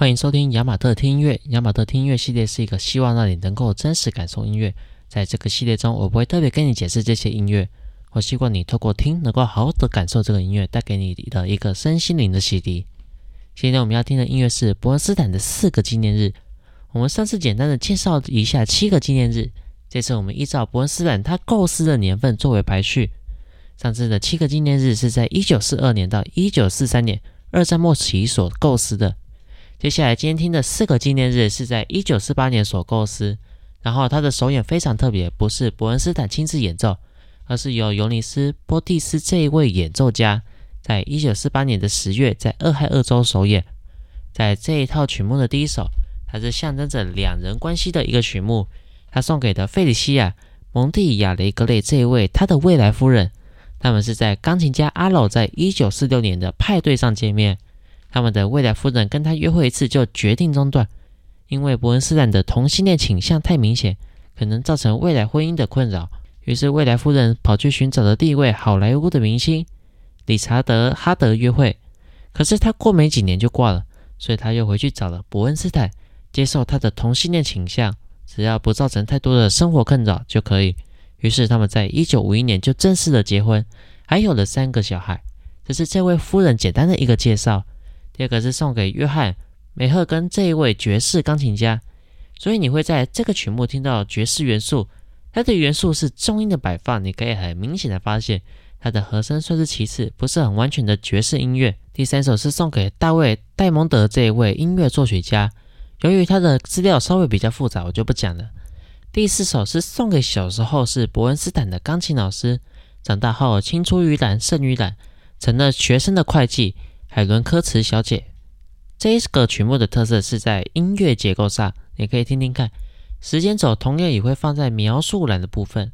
歡迎收聽雅馬特聽音樂。雅馬特聽音樂系列是一個希望讓你能夠真實感受音樂。在這個系列中，我不會特別跟你解釋這些音樂，我希望你透過聽能夠好好的感受這個音樂帶給你的一個身心靈的洗滌。今天我們要聽的音樂是伯恩斯坦的四個紀念日。我們上次簡單的介紹一下七個紀念日，這次我們依照伯恩斯坦他構思的年份作為排序。上次的七個紀念日是在一九四二年到一九四三年二戰末期所構思的。接下來今天聽的四個紀念日是在一九四八年所構思，然後它的首演非常特別，不是伯恩斯坦親自演奏，而是由尤尼斯·波蒂斯，斯這一位演奏家，在一九四八年的十月在俄亥俄州首演。在這一套曲目的第一首，它是象徵着兩人關係的一個曲目，他送給的費里西亞·蒙蒂亞雷格雷這一位他的未來夫人，他們是在鋼琴家阿勞在一九四六年的派對上見面。他們的未來夫人跟他約會一次就決定中斷，因為伯恩斯坦的同性戀傾向太明顯，可能造成未來婚姻的困擾。於是未來夫人跑去尋找了第一位好萊塢的明星，理查德·哈德約會，可是他過沒幾年就掛了，所以他又回去找了伯恩斯坦，接受他的同性戀傾向，只要不造成太多的生活困擾就可以。於是他們在一九五一年就正式的結婚，還有了三個小孩。這是這位夫人簡單的一個介紹。第二個是送給約翰·梅赫根，這一位爵士鋼琴家，所以你會在這個曲目聽到爵士元素。它的元素是重音的擺放，你可以很明顯的發現它的和聲算是其次，不是很完全的爵士音樂。第三首是送給大衛·戴蒙德，這一位音樂作曲家，由於他的資料稍微比較複雜，我就不講了。第四首是送給小時候是伯恩斯坦的鋼琴老師，長大後青出於藍勝於藍，成了學生的會計。海倫·科茨小姐，這個曲目的特色是在音樂結構上，你可以聽聽看，時間軸同樣也會放在描述欄的部分。